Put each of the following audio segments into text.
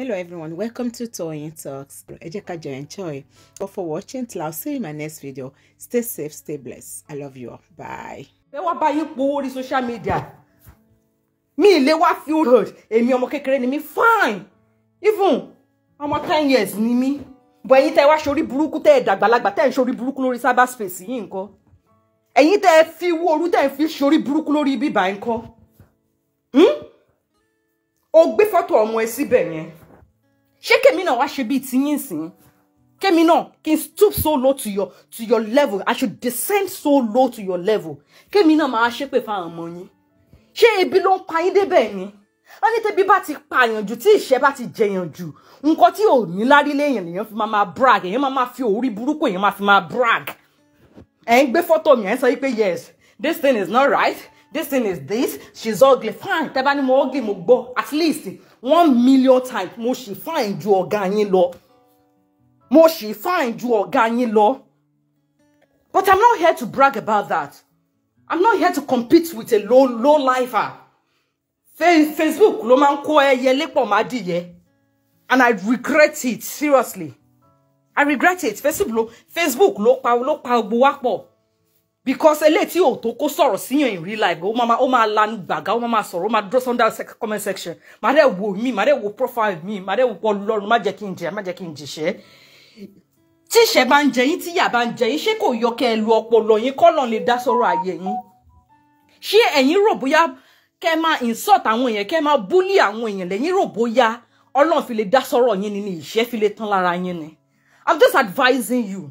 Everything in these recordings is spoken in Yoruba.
Hello everyone, welcome to Toyeen Talks. Ẹ jẹ́ ká enjoy. But for watching till I'll see you in my next video. Stay safe, stay blessed. I love you all. Bye. Bẹ́ẹ̀ wá báyìí powó orí social media. Me le wá feel hurt. hàn. Èmi ọmọ kékeré ni me fine. Even ọmọ ten years ni mi. Bọ̀ ẹ̀yin tẹ́ wá ṣorí burúkú tẹ́ ẹ̀ dàgbàlagbà tẹ́ ẹ̀ ṣorí burúkú lórí cyberspace yìí nǹkan. Ẹ̀yin tẹ́ ẹ fi wó orú tẹ́ ẹ fi ṣorí burúkú lórí bíbá nǹkan. Hmm? O gbé fọ́tò ọmọ ẹ síbẹ̀ yẹn ṣé kèmí náà wá ṣe bíi tiyín sìn kèmí náà kí n stoop so low to your to your level I should descend so low to your level kèmí náà máa ṣépè fáwọn ọmọ yín ṣé ebi ló ń pa yín débẹ̀ ni wọ́n ní tẹ́bí bá ti pààyàn jù tí ìṣẹ́ bá ti jẹyàn jù nǹkan tí ò ní lárí léèyàn lèèyàn fi máa máa brag èèyàn máa máa fi orí burúkú èèyàn máa fi máa brag ẹ̀ ń gbé fọ́tò mi ẹ̀ ń sọ wípé yes this thing is not right this thing is this she's ugly fine tẹ́ bá ní mo ugly mo gbọ́ at least one million times mo sì fine ju ọ̀gá yín lọ mo sì fine ju ọ̀gá yín lọ but i'm not here to brag about that i'm not here to compete with a low low lifer facebook ló máa ń kó ẹyẹ lépọ̀ má dìyẹ and i regret it seriously i regret it facebook ló facebook ló pa ló pa gbowó pọ̀ because eléyìí tí òótọ́ kó sọ̀rọ̀ síyàn in real life ó mama, ó máa lanu gbàgà ó máa sọ̀rọ̀ ó máa dúró sọ́ndà comment section màá dẹ̀ wò mí màá dẹ̀ wò profile mi màá dẹ̀ wò lọ́rùn má jẹ́ kí n jẹ má jẹ́ kí n jìṣẹ́ tí ìṣẹ́ bá ń jẹ yín tí ìyà bá ń jẹ yín ṣé kò yọ kẹ́ ẹ lu ọpọlọ yín kọ́lọ̀ lè dá sọ̀rọ̀ àyè yín ṣé ẹ̀yin rò insult àwọn èèyàn kẹ́ máa bully àwọn èèyàn lẹ́yìn rò bóyá ọlọ́run fi lè dá sọ̀rọ̀ yín ni ni ìṣẹ́ fi lè tán lára yín ni I'm just advising you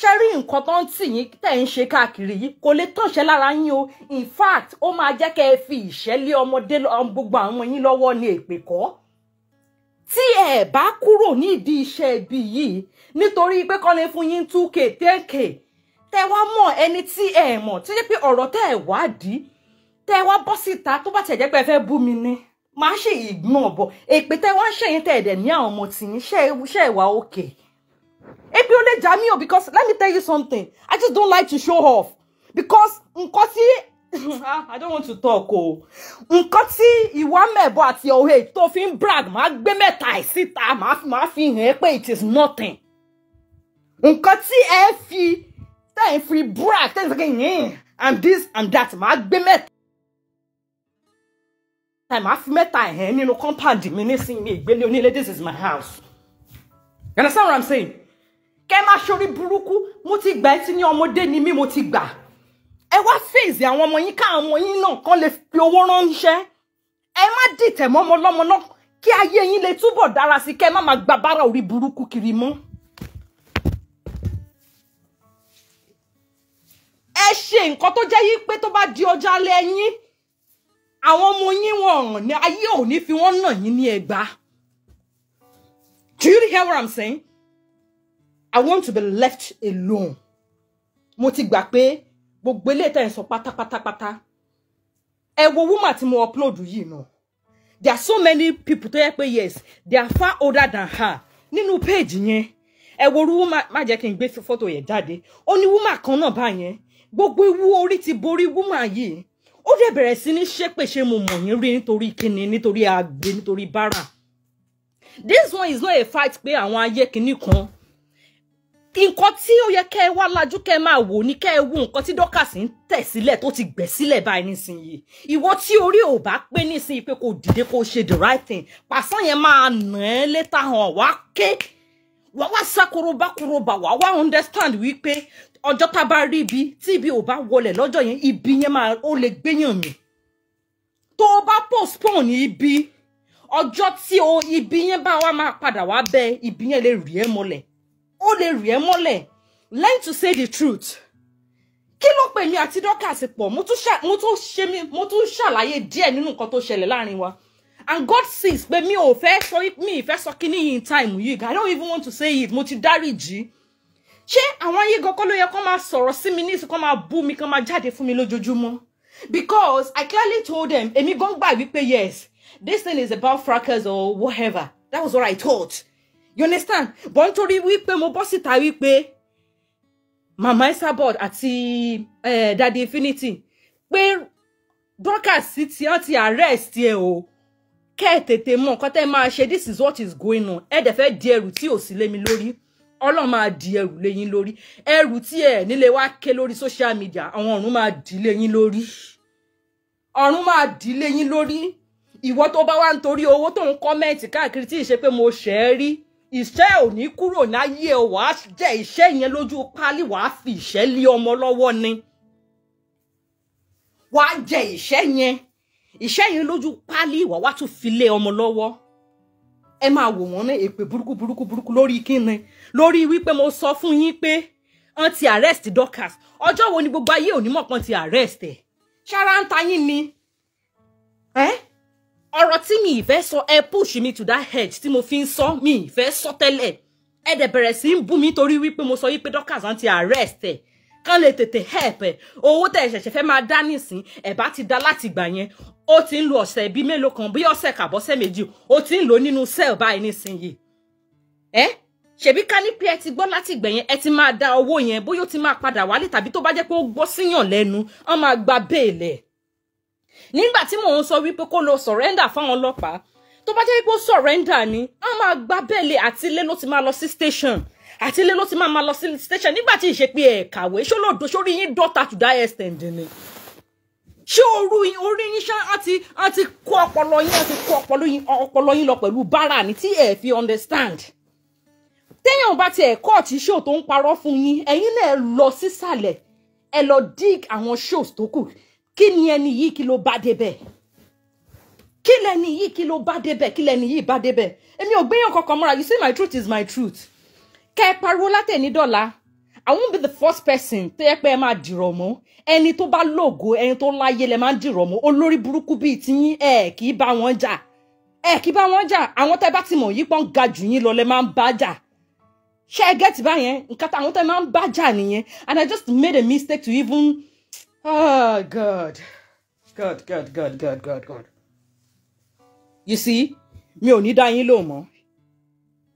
ṣe rí nǹkan tó ń tì yín tẹ̀ ń ṣe káàkiri yìí kò lè tọ̀ṣẹ́ lára yín o in fact ó máa jẹ́ kẹ́ ẹ fi ìṣẹ́ lé ọmọdé gbogbo àwọn yín lọ́wọ́ ní èpè kọ́ tí ẹ bá kúrò nídìí iṣẹ́ ibi yìí nítorí pé kọ́ lè fún yín two k ten k tẹ wá mọ̀ ẹni tí ẹ mọ̀ tí jẹ́ pé ọ̀rọ̀ tẹ́ ẹ wádìí tẹ wá bọ́ síta tó bá tẹ̀ jẹ́ pé ẹ fẹ́ bú mi ni máa ṣe ìgbọ̀n bọ̀ èpè tẹ wá ṣẹ̀yìn tẹ̀ ẹ̀dẹ̀ ní àwọn ọmọ tì yín ṣe ìwà òkè ebi ò lè jà because let me tell you something i just don't like to show off because nǹkan ah, i don't want to talk oh. nǹkan you want me but your way, fi brag máa gbé mẹ́ta ẹ̀ síta máa fi hàn it is nothing nǹkan tí ẹ fi tẹ́ brag tẹ́ again, sọ and this and that máa gbé I'm ẹ̀ máa fi mẹ́ta ẹ̀ hàn nínú compound mi nísìnyí ìgbélé this is my house you understand what i'm saying kẹ́ má ṣorí burúkú mo ti gbà ẹ́ tí ní ọmọdé ni mí mo ti gbà ẹ wá fèsì àwọn ọmọ yín káwọn ọmọ yín náà kàn lè fi owó ránṣẹ́ ẹ má dìtẹ̀ mọ́ ọmọ lọ́mọ náà kí ayé yín lè túbọ̀ dára sí kẹ́ má má gba bára orí burúkú kiri mọ́. ẹ ṣe nǹkan tó jẹ́ yí pé tó bá di ọjà lẹ́yìn àwọn ọmọ yín wọ̀n ní ayé ò fi wọ́n nà yín ní ẹgbàá. Do you hear what I'm saying? I want to be left alone mo ti gbà pé gbogbo ilé ìtàn ìsọ pátápátápátá ẹ wo woman tí mo upload yìí náà there are so many people tó yẹ pé yes they are far older than her nínú page yẹn ẹ wo orú woman má jẹ́ kí n gbé fọ́tò yẹn jáde ó ní woman kan náà báyẹn gbogbo ewu orí ti borí woman yìí ó dẹ̀ bẹ̀rẹ̀ sí ní ṣépè mo mọ̀ yín rí nítorí kíni nítorí àgbẹ̀ nítorí bára this one is not a fight pé àwọn ayé kinní kan nǹkan tí ó yẹ kẹ́ ẹ wá lajú kẹ́ ẹ máa wò ní kẹ́ ẹ wo nǹkan tí dọ́kàsì ń tẹ̀ sílẹ̀ tó ti gbẹ̀ sílẹ̀ báyìí nísìnyìí ìwọ tí orí ò bá pé nísìnyìí pé kò dìde kò ṣe the right thing pàṣán yẹn máa nà ẹ́ létà hàn wá ké wá wá sákòròbá kòròbá wá wá understand wípé ọjọ́ tá a bá rí ibi tí ibi ò bá wọlẹ̀ lọ́jọ́ yẹn ibi yẹn máa ó lè gbéyàn mi tó o bá postpone ibi ọjọ́ tí o ibi yẹn bá wá máa padà wá bẹ ibi yẹn lè rí ẹ mọ́lẹ̀ ó lè rì ẹ́ mọ́lẹ̀ learn to say the truth kí ló pè mí àti dọ́kàsì pọ̀ mo tún ṣe mí mo tún ṣàlàyé díẹ̀ nínú nǹkan tó ṣẹlẹ̀ láàrin wa and God sees pé mi ò fẹ́ sọ mi ìfẹ́ sọ kíní yìí in time yìí I don't even want to say it mo ti dáríjì ṣé àwọn ayé gan kọ́ ló yẹ kó máa sọ̀rọ̀ sí mi nísìkó máa bú mi kó máa jáde fún mi lójoojúmọ́ because I clearly told them èmi gan gbà wípé yes this thing is about fracas or whatever that was what I thought you understand bọ́ nítorí wípé mo bọ́ síta wípé mama Esabod àti eh, dadi Infinity pé Dorkas ti hàn ti arrest ẹ o kẹ́ ẹ̀ tètè mọ̀ nǹkan tẹ́ ẹ máa ṣe this is what is going on ẹ dẹ̀ fẹ́ di ẹrù tí ò sí lé mi lórí ọlọ́run máa di ẹrù léyìn lórí ẹrù tí ẹ nílé wa ké lórí social media àwọn ọ̀run máa di léyìn lórí ọ̀run máa di léyìn lórí ìwọ tó bá wà nítorí owó tó ń kọ́mẹ̀ntì káàkiri tí ì ṣe pé mo ṣẹ́ rí ìṣẹ́ ò ní kúrò láyé ẹ wàá jẹ́ ìṣẹ́ yẹn lójú pálí wàá fi ìṣẹ́ lé ọmọ lọ́wọ́ ni wàá jẹ ìṣẹ́ yẹn ìṣẹ́ yẹn lójú pálí ìwà wàá tún fi lé ọmọ lọ́wọ́ ẹ máa wò wọ́n ní èpè burúkú burúkú burúkú lórí kíni lórí wípé mo sọ fún yín pé wọ́n ti arrest Dorkas ọjọ́ wo ni gbogbo ayé òní mọ̀ pọ́n ti arrest ẹ̀ ṣára yín ni eh? ọ̀rọ̀ tí mi ì fẹ́ sọ ẹ push mi to that edge tí mo fi ń sọ mi ì fẹ́ sọ tẹ́lẹ̀ ẹ dẹ̀ bẹ̀rẹ̀ sí ń bú mi torí wípé mo sọ yí pé Dorkas àti arrest ẹ̀ kán lè tètè help ẹ̀ owó tẹ̀ ṣẹ̀ṣẹ̀ fẹ́ máa dá nísìn ẹ̀ bá ti dá láti gbà yẹn ó ti ń lo ọ̀sẹ̀ bíi mélòó kan bí ọ̀sẹ̀ kàbọ̀sẹ̀ méjì ó ti ń lò nínú cell báyìí nísìnyìí ẹ ṣèbí ká ní pé ẹ ti gbọ́ láti gbẹ̀yẹn ẹ ti máa da owó yẹn bóyá ó ti máa padà wálé tàbí tó bá jẹ́ pé ó gbọ́ síyàn lẹ́nu wọ́n máa gba béèlẹ̀ nígbà tí mò ń sọ wípé kó lọ sọ̀rẹ́ndà fáwọn ọlọ́pàá tó bá jẹ́ wípé ó sọ̀rẹ́ndà ni wọ́n máa gbá bẹ́ẹ̀lì àti ló ti máa lọ sí station àti ilé ló ti máa máa lọ sí station nígbà tí ìṣe pé ẹ̀ kàwé ṣó lòdò sórí yín dọ́ta to die extent ni ṣé oru orí yín ṣá àti àti kó ọpọlọ yín àti kó ọpọlọ yín ọpọlọ yín lọ pẹ̀lú bára ni tí ẹ̀ fi understand téèyàn bá ti ẹ̀kọ́ ọ̀tí ṣó tó ń parọ́ fún yín ẹ̀yin náà lọ sísàlẹ̀ ẹ lọ dig àwọn shows tó kù kí ni ẹni yìí kí ló bá débẹ̀ kí lẹni yìí kí ló bá débẹ̀ kí lẹni yìí bá débẹ̀ èmi ò gbéyàn kankan mọ́ra you see my truth is my truth kẹ́ ẹ pariwo látẹ̀ní dọ́là I won't be the first person tó yẹ pé ẹ máa dìrọ̀ mọ́ ẹni tó bá lógo ẹni tó láyé lẹ máa ń dìrọ̀ mọ́ olórí burúkú bíi tiyín ẹ kì í bá wọn jà ẹ kì í bá wọn jà àwọn tẹ́ bá ti mọ̀ yí pọ́n ga jù yín lọ lẹ máa ń bá jà ṣé ẹ gẹ́tì báyẹn nǹkan táwọn tẹ́ máa ń bá jà nìyẹn and I just made a mistake to even Oh, God. God, God, God, God, God, God. You see, mi ò ní dá yín lò mọ́.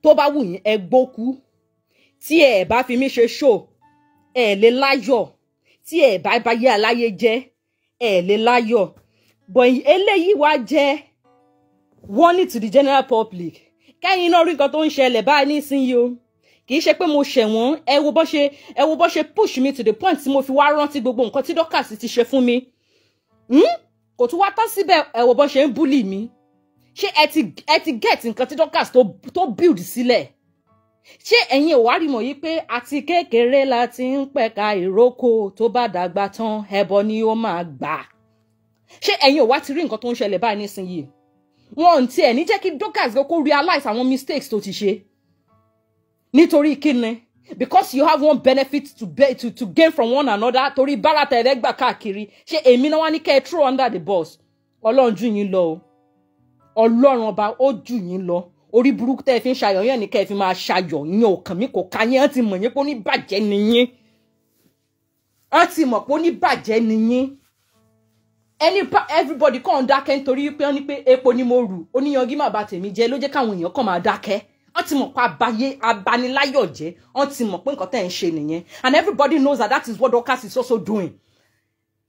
Tó bá wù yín, ẹ gbókú. Tí ẹ bá fi mí ṣe ṣó, ẹ lè láyọ̀. Tí ẹ bá bá yé aláyé jẹ́, ẹ lè láyọ̀. But eléyìí wá jẹ́ warning to the general public. Kẹ́yìn náà rí nǹkan tó ń ṣẹlẹ̀ báyìí nísìnyí o kì í ṣe pé mo ṣẹ̀wọ̀n ẹ wo bó ṣe ẹ wo bó ṣe push me to the point tí mo fi wá rántí gbogbo nǹkan tí Dorcas ti ṣe fún mi hmm? kò tún wá tán síbẹ̀ ẹ wo bó ṣe ń búlì mi ṣé ẹ ti ẹ ti get nǹkan tí Dorcas tó tó build sílẹ̀ ṣé ẹ̀yin ò wá rí mọ̀ yìí pé àti kékeré la ti ń pẹ̀ka ìrókò tó bá dàgbà tán ẹbọ ni ó máa gbà ṣé ẹ̀yin ò wá ti rí nǹkan tó ń ṣẹlẹ̀ báyìí nísìnyìí wọn ò tiẹ̀ ní jẹ́ kí Dorcas kó realize àwọn mistakes tó ti ṣe nítorí kíni because you have one benefit to, be, to, to gain from one another torí bárata ẹ̀rẹ́ gbà káàkiri ṣé èmi náà wá ní kẹ́ ẹ throw under the bus ọlọ́run jù yín lọ o ọlọ́run ọba ó jù yín lọ orí burúkú tẹ́ ẹ fi ń ṣayọ̀ yẹn ni kẹ́ ẹ fi máa ṣayọ̀ yẹn ọkàn mi kò ka yẹn ẹ ti mọ̀ yẹn pé ó ní bàjẹ́ ni yín ẹ ti mọ̀ pé ó ní bàjẹ́ ni yín ẹni everybody kàn ń dákẹ́ nítorí pé wọ́n ní pé epo ni mo rù oníyanjú má bà tèmi jẹ́ ló jẹ́ káwọn èèyàn kàn máa dákẹ́ wọ́n ti mọ̀ pé abayé abaniláyọ̀ jẹ́ wọ́n ti mọ̀ pé nǹkan tẹ́ ń ṣe nìyẹn and everybody knows that that is what Dorcas is also doing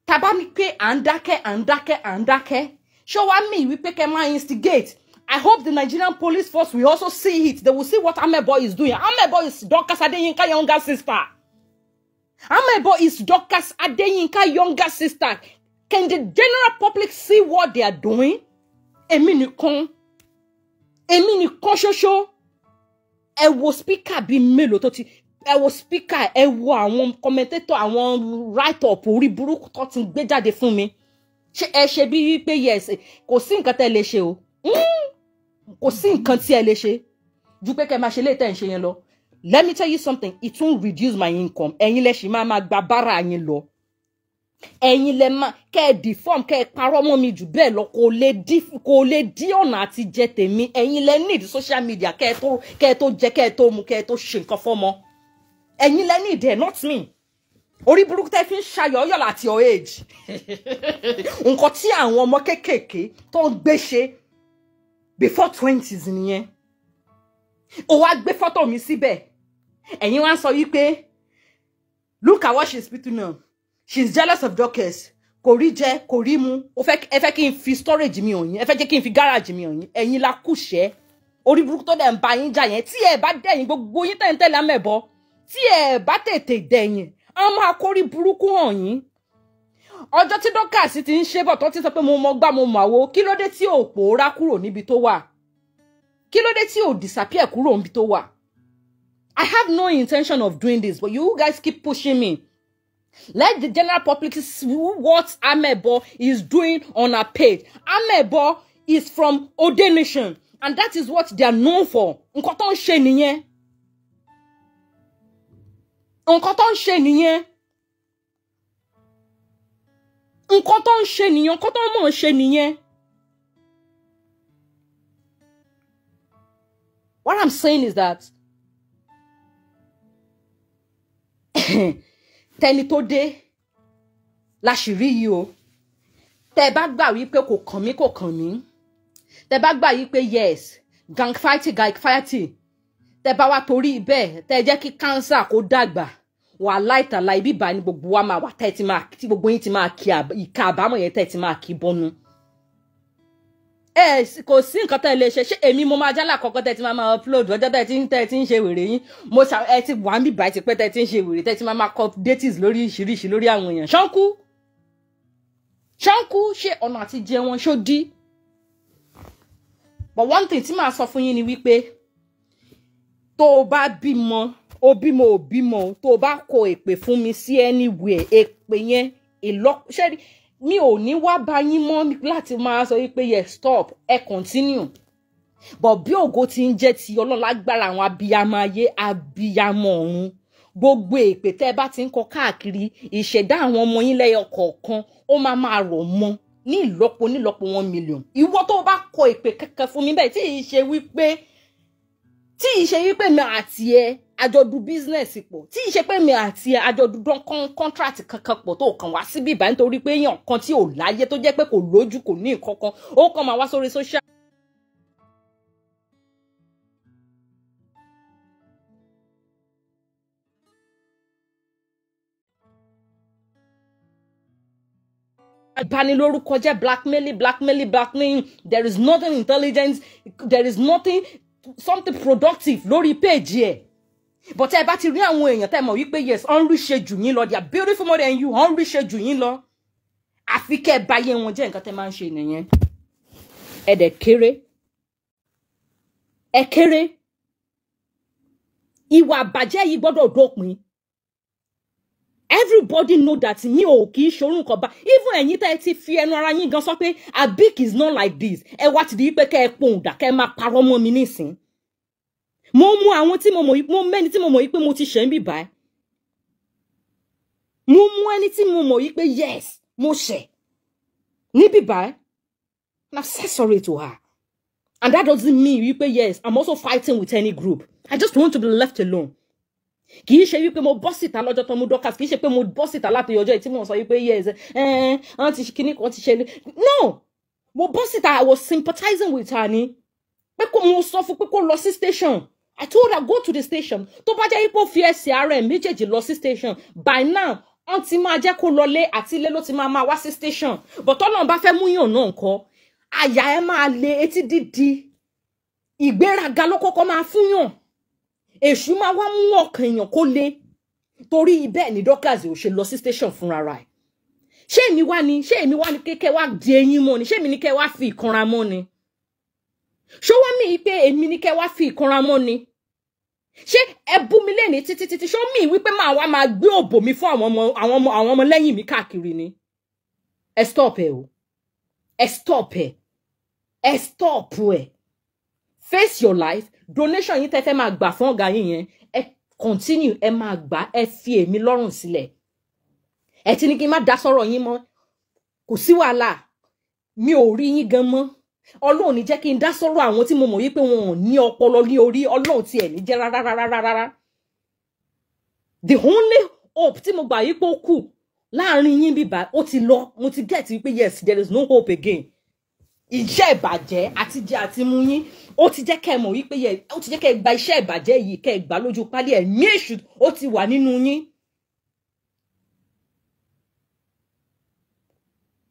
tàbá mi pé à ń dákẹ́ à ń dákẹ́ à ń dákẹ́ ṣé wàá mì wípé kẹ́ máa instigate I hope the Nigerian police force will also see it they will see what Amebo is doing Amebo is Dorcas Adeyinka younger sister Amebo is Dorcas Adeyinka younger sister can the general public see what they are doing èmi nìkan èmi nìkan ṣoṣo ẹ wo speaker bíi mélòó tó ti ẹ wo speaker ẹ wo àwọn commentator àwọn write up orí burúkú tó ti gbé jáde fún mi ṣé ẹ ṣe bí wípé yes kò sí nǹkan tẹ́ lè ṣe o hmm, kò sí nǹkan tí ẹ lè ṣe ju pé kẹ́ máa ṣe léètẹ́ ń ṣe yẹn lọ let me tell you something it won't reduce my income ẹ̀yin lẹ́sìn máa máa gba bára yín lọ ẹ̀yin lẹ máa kẹ́ ẹ deform kẹ́ ẹ parọ́ mọ́ mi jù bẹ́ẹ̀ lọ kò lè dí kò lè dí ọ̀nà àti jẹ tèmi ẹ̀yin lẹ need social media kẹ́ ẹ tó kẹ́ ẹ tó jẹ kẹ́ ẹ tó mu kẹ́ ẹ tó ṣe nǹkan fọ́mọ ẹ̀yin lẹ need ẹ̀ not me orí burúkú tẹ́ fi ń ṣayọ̀ ọyọ̀ láti your age nǹkan tí àwọn ọmọ kéékèèké tó ń gbé ṣe before twenties nìyẹn ó wá gbé fọ́tò mi síbẹ̀ ẹ̀yin wá ń sọ wípé look at what she's speaking now she's jealous of Dorcas kò rí jẹ kò rí mu ó fẹ́ ẹ fẹ́ kí n fi storage mi hàn yín ẹ fẹ́ jẹ́ kí n fi garage mi hàn yín ẹ̀yin la kùṣẹ́ orí burúkú tó dẹ̀ ń ba yín jà yẹn tí ẹ bá dẹ̀yìn gbogbo yín tẹ̀ ń tẹ̀lé amẹ́bọ tí ẹ bá tètè dẹ̀yìn àwọn máa kórí burúkú hàn yín ọjọ́ tí Dorcas ti ń ṣe bọ̀ tó ti sọ pé mo mọ gbá mo mọ àwo kí ló dé tí ò pòórá kúrò níbi tó wà kí ló dé tí ò disappear kúrò níbi tó wà I have no intention of doing this but you guys keep pushing me Let the general public see what Amebo is doing on her page. Amebo is from Ode Nation, and that is what they are known for. Nǹkan tó ń ṣe nìyẹn. Nǹkan tó ń ṣe What I'm saying is that. tẹni tó dé láṣìírí yìí o tẹ bá gbà wípé kò kàn mí kò kàn mí tẹ bá gbà wípé yes gang fighting gang fighting tẹ bá wá torí bẹ́ẹ̀ tẹ jẹ́ kí cancer kó dàgbà wàhálà ìtàlá ibi ìbá ni gbogbo wa máa wà tẹ ti máa tí gbogbo yín ti máa kí ìka àbámọ̀ yẹn tẹ ti máa kí bọnu ẹ eh, kò sí nǹkan tẹ́ lè ṣe ṣé èmi mo máa jálà kọ́kọ́ tẹ́ ti máa máa upload ọjọ́ tẹ́ ti ń tẹ́ ti ń ṣe wèrè yín mo ṣà ẹ ti wà ń bì báyìí ti pẹ́ tẹ́ ti ń ṣe wèrè tẹ́ ti máa máa kọ́ dates lórí ìṣiríṣi lórí àwọn èèyàn ṣánkú ṣánkú ṣe ọ̀nà àti jẹ wọn ṣó dí but one thing tí màá sọ fún yín ni wípé tó o bá bímọ o bímọ ò bímọ tó o bá kọ èpè fún mi sí anywhere èpè yẹn ìlọ ṣẹ́ni mi ò ní wá bá yín mọ́ láti máa sọ wípé yẹ stop ẹ continue bọ̀ bí ògo ti ń jẹ́ ti ọlọ́run lágbára àwọn abiyamọ ayé abiyamọ ọ̀run gbogbo èpè tẹ́ ẹ bá ti ń kọ káàkiri ìṣẹ̀dá àwọn ọmọ yín lẹ́yọ kọ̀ọ̀kan ó máa máa rọ̀ mọ́ ní ìlọ́po nílọ́po one million ìwọ tó bá kọ èpè kankan fún mi bẹ́ẹ̀ tí ì ṣe wípé tí ì ṣe wípé mi àti ẹ àjọdún bísínẹ́sì pọ̀ tí ì ṣe pé mi àti àjọdún kọ́ńtrátì kankan pọ̀ tó kàn wá síbí ìbá nítorí pé èèyàn kan tí ò láyé tó jẹ́ pé kò lójú kò ní nǹkan kan ó kàn máa wá sórí social. ìbanilórúkọ jẹ́ blackmail. Blackmail. blackmailing there is nothing intelligent there is nothing something productive lórí péèjì ẹ̀ but ẹ bá ti rí àwọn èèyàn tẹ́ mọ̀ wípé yes ọ̀n rí ṣe jù yín lọ they beautiful more than you ọ̀n rí ṣe jù yín lọ àfi kẹ́ ẹ báyé wọn jẹ́ nǹkan tẹ́ máa ń ṣe nìyẹn ẹ dẹ̀ kéré ẹ kéré ìwà àbàjẹ́ yìí gbọ́dọ̀ dópin everybody know that mi ò kì í ṣorun nǹkan bá even ẹ̀yin tẹ́ ẹ ti fi ẹnu ara yín gan sọ pé abik is not like this ẹ wá ti di pé kẹ́ ẹ pohùn dà kẹ́ ẹ máa parọ́ mọ́ mi nísìn mo mú àwọn tí mo mọ̀ mo mẹ́ni tí mo mọ̀ yìí pé mo ti ṣẹ̀ ń bì báyìí mo mú ẹni tí mo mọ̀ yìí pé yes mo ṣẹ̀ níbì báyìí and I'm so sorry to her and that doesn't mean wípé yes I'm also fighting with any group I just want to be left alone kì í ṣe wípé mo bọ́ síta lọ́jọ́ tó mú dọ́kàs kì í ṣe pé mo bọ́ síta láti ọjọ́ tí mo sọ wípé yes ẹ̀ẹ́n eh, wọ́n ti kíní kan ti ṣe ní no mo bọ́ síta I was sympathizing with her ni pé kó mo sọ fún pé kó lọ sí station I told her go to the station tó bá jẹ́ ipò fi ẹsẹ̀ ara ẹ̀ méjèèjì lọ sí station by now wọ́n ti máa jẹ́ kó lọlé àti ilé ló ti máa máa wá sí station but ọlọ́run bá fẹ́ mú yàn náà nǹkan àyà ẹ máa le etí dídi ìgbéraga ló kọ́kọ́ máa fún yàn èṣù máa wá mú ọkàn èèyàn kó le torí bẹ́ẹ̀ ni Dorkas ò ṣe lọ sí station fúnra rẹ̀ ṣé èmi wá ni ṣé èmi wá ni kékeré wá di eyín mọ́ ni ṣé èmi ni kẹ́ wá fi ìkanra mọ́ ni ṣọwọ́ mi pé èmi ni kẹ́ wá fi ìkanra mọ́ ni ṣé ẹ bú mi lẹ́ni títí títí ṣọ́ mi wípé máa wá máa gbé òbò mi fún àwọn ọmọ àwọn ọmọ àwọn ọmọ lẹ́yìn mi káàkiri ni ẹ stop ẹ o ẹ stop ẹ ẹ stop ẹ face your life donation yín tẹ́tẹ́ máa gbà fún ọ̀gá yín yẹn ẹ continue ẹ máa gbà ẹ fi èmi lọ́rùn sílẹ̀ ẹ ti ní kí n má dá sọ́rọ̀ yín mọ́ kò sí wàhálà mi ò rí yín gan mọ́ ọlọ́run ní jẹ́ kí n dá sọ́rọ̀ àwọn tí mo mọ̀ wípé wọn ò ní ọpọlọ ní orí ọlọ́run tí ẹ̀ ní jẹ́ rárárárárá the only hope tí mo gbà yí pé ó kù láàrin yín bíbá ó ti lọ mo ti get wípé yes there is no hope again iṣẹ́ ìbàjẹ́ àti jẹ́ àti mú yín ó ti jẹ́ kẹ́ ẹ mọ̀ wípé yẹ ó ti jẹ́ kẹ́ ẹ gba iṣẹ́ ìbàjẹ́ yìí kẹ́ ẹ gbà lójú pálí ẹ̀mí èṣù ó ti wà nínú yín.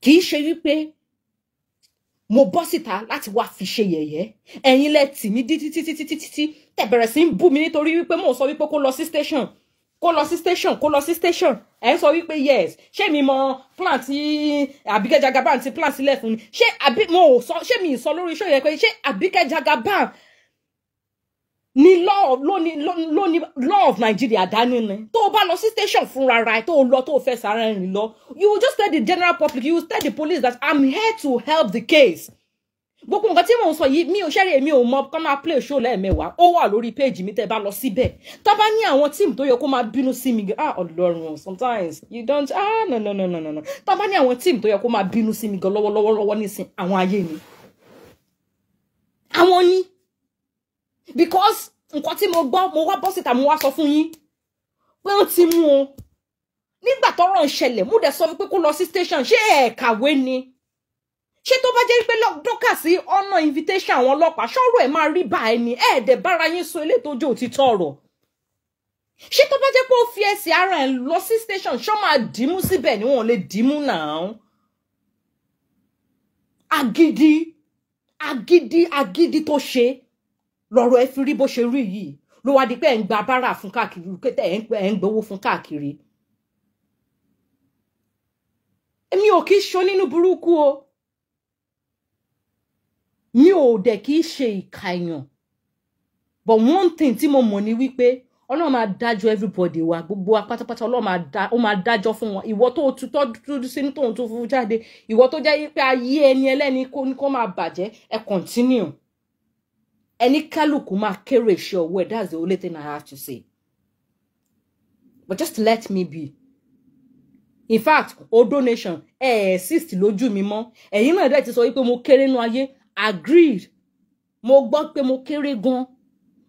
kì í ṣe wípé mo bọ́ síta láti wá fi ṣe yẹ̀yẹ́ ẹ̀yin lẹ tì mí dí títí títí títí tẹ̀ bẹ̀rẹ̀ sí ń bú mi nítorí wípé mò ń sọ wípé kó lọ sí station kó lọ sí station kó lọ sí station ẹ ń sọ wípé yes ṣé mi mọ plan tí Àbíkẹ́ Jagaban ti plan sílẹ̀ fún mi ṣé àbí mo ò sọ ṣé mi ì sọ lórí iṣẹ́ yẹn pé ṣé Àbíkẹ́ Jagaban ni law ló ní ló ní law of Nigeria dání ni tó o bá lọ sí station fúnra ra ẹ tó o lọ tó o fẹ́ sára ẹ̀rìn lọ you will just tell the general public you will tell the police that I'm here to help the case gbogbo nǹkan tí mò ń sọ yìí mi ò ṣẹ́rí èmi ò mọ kọ́ máa play show lẹ́ẹ̀mẹ́wàá ó wà lórí péèjì mi tẹ́ bá lọ síbẹ̀ tó bá ní àwọn tíìmù tó yẹ kó máa bínú sí mi gan ah ọlọ́run sometimes you don't ah no no no no no tó bá ní àwọn tíìmù tó yẹ kó máa bínú sí mi gan lọ́wọ́lọ́wọ́ lọ́wọ́ nísìn àwọn ayé ni àwọn ni because nǹkan tí mo gbọ́ mo wá bọ́ síta mo wá sọ fún yín pé wọ́n ti mú o nígbà tọ́rọ̀ ń ṣẹlẹ̀ mo dẹ̀ sọ pé kó lọ sí station ṣé ẹ̀ kàwé ni ṣé tó je jẹ́ pé dọ́kà sí ọ̀nà invitation àwọn ọlọ́pàá ṣọ́rọ̀ ẹ̀ máa rí bá ẹni ẹ̀ dẹ̀ bára yín sọ eléyìí tó jẹ́ òtítọ́ ọ̀rọ̀ ṣé tó bá jẹ́ pé fi ẹsẹ̀ ara ẹ̀ lọ sí station ṣọ́ máa dìímú síbẹ̀ ni wọ́n lè dìímú náà agidi agidi agídí tó ṣe lọ́rọ̀ ẹ fi rí bó ṣe rí yìí ló wá di pé ẹ̀ ń gba bára fún káàkiri ẹ̀ ń gbowó fún káàkiri. èmi ò kí ṣo nínú burúkú o mi ò dẹ̀ kí ṣe ìka èèyàn but one thing tí mo mọ̀ ni wípé ọlọ́run máa dájọ́ everybody wa gbogbo wa pátápátá ọlọ́run máa dájọ́ fún wọn ìwọ tó tutọ́ dúdú sínú tóun tó fún jáde ìwọ tó jẹ́ pé ayé ẹni ẹlẹ́ni kó máa bàjẹ́ ẹ continue. Any kálukú máa kere iṣẹ́ ọwọ́ e, that's the only thing I have to say but just let me be in fact o donation ẹ ẹ exist lójú mi mọ́ ẹ̀yin náà dẹ̀ ti sọ wípé mo kéré nínú ayé agreed mo gbọ́ pé mo kere gan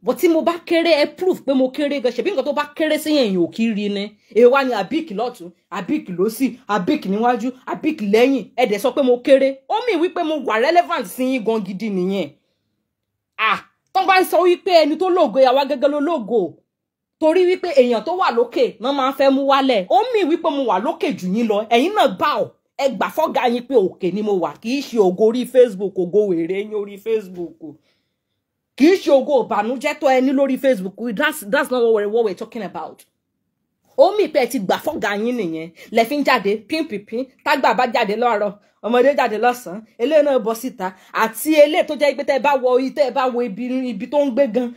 but tí mo bá kere ẹ proof pé mo kere gan ṣebí nǹkan tó bá kéré sí èèyàn ò kí rí ni èèyàn wá ní àbíkì lọ́tún àbíkì lọ́sì àbíkì níwájú àbíkì lẹ́yìn ẹ dẹ̀ sọ pé mo kéré ó mì wípé mo wà relevant sí yin gan gidi nìyẹn ah tó bá ń sọ wípé ẹni tó lógo ìyàwó gẹ́gẹ́ ló lógo torí wípé èèyàn tó wà lókè náà máa ń fẹ́ mú wálẹ̀ ó mì wípé mo wà lókè jù yín lọ ẹ̀yin náà bá ọ̀ ẹ gbà fọ́gà yín pé òkè ni mo wà kì í ṣe ògo orí Facebook ògo wèrè yín orí Facebook kì í ṣe ògo ìbànújẹ́ tó ẹni lórí Facebook that's that's not what we're, what we're talking about omi ìpẹ́ ti gbà fọ́gà yín nìyẹn lẹ́fín jáde pínpínpín tágbà bá jáde lọ́rọ̀ ọmọdé jáde lọ́sàn-án eléyìí náà bọ́ síta àti eléyìí tó jẹ́ pé tẹ́ ẹ bá wọ oyin tẹ́ ẹ bá wo ibi tó ń gbé gan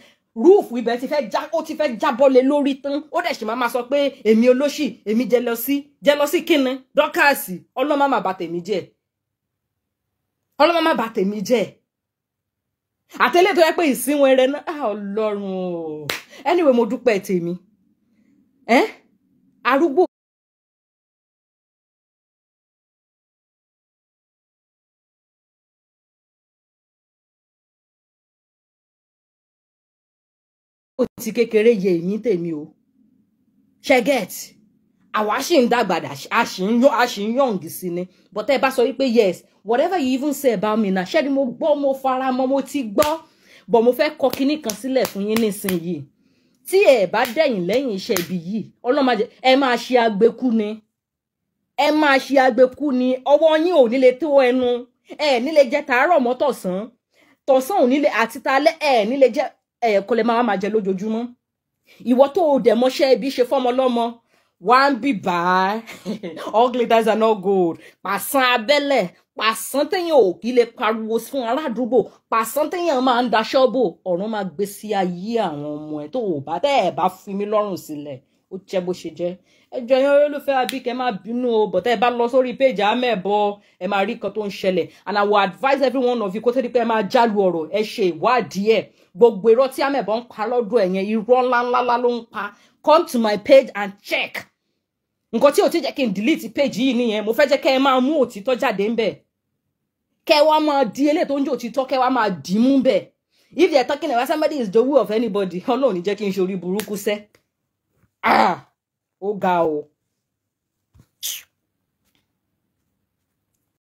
rúùfù ibẹ̀ ti fẹ́ já ó ti fẹ́ jábọ́lé lórí tán ó dẹ̀ sì máa máa sọ pé èmi olóṣì èmi jẹlọsí jẹlọsí kíni dọ́kàsì ọlọ́mọ má bà tèmi jẹ́ ọlọ́mọ má bà tèmi jẹ́ àtẹlẹ́ tó yẹ pé ìsínwó náà ah, ọlọ́run o anyway mo dúpẹ́ tèmi ẹ́ eh? arúgbó ó ti kékeré yẹ èmi tèmi o ṣẹgẹt àwa ń dàgbàdà a ń yọ a ń sí ni ẹ bá sọ wípé yes whatever you even say about me na ṣé mo gbọ́ mo fara mo ti gbọ́ mo kọ kan sílẹ̀ fún yín tí ẹ bá dẹ̀yìn lẹ́yìn iṣẹ́ ibi yìí ọlọ́mọ jẹ ẹ máa ṣe agbẹ́kú ni ẹ máa ṣe agbẹ́kú ni ọwọ́ yín ò ní lè tó ẹnu ẹ ní lè jẹ tàárọ̀ mọ́ tọ̀sán tọ̀sán ò ní àti talẹ́ ẹ ní jẹ ẹ kò máa máa jẹ lójoojúmọ́ ìwọ tó o dẹ̀ mọ́ṣẹ́ ibi ṣe fọ́mọ lọ́mọ One be bì bá all glitters are not gold pàṣán abẹ́lẹ̀ pàṣán téèyàn ò kí lè pariwo fún aládùúgbò pàṣán téèyàn máa ń da ṣọ́ọ̀bù ọ̀run máa gbé sí ayé àwọn ọmọ ẹ̀ tó ò bá tẹ́ ẹ̀ bá fi mí lọ́rùn sílẹ̀ ó jẹ́ bó ṣe jẹ́ ẹjọ́ yẹn olólùfẹ́ abíkẹ́ o bọ̀tẹ́ ẹ bá lọ sórí péjì amẹ́bọ ẹ máa rí nǹkan tó ń and I will advise everyone of you kó tó di pé ẹ máa jálu ọ̀rọ̀ ẹ ṣe ìwádìí ẹ̀ gbogbo irọ́ tí amẹ́bọ ń pa lọ́dọ̀ ẹ̀yẹn irọ́ ńláńlá ló ń pa come to my page and check nkan tí ò ti jẹ́ kí delete page yìí nìyẹn mo fẹ́ jẹ́ kẹ́ ẹ máa mú òtítọ́ jáde ń bẹ̀ ma máa di eléyìí tó ń jẹ́ òtítọ́ kẹ́ máa dì í mú bẹ̀ if they are talking about somebody is the will of anybody ọlọ́run ní jẹ́ kí n ṣe burúkú sẹ́ ah ó ga o.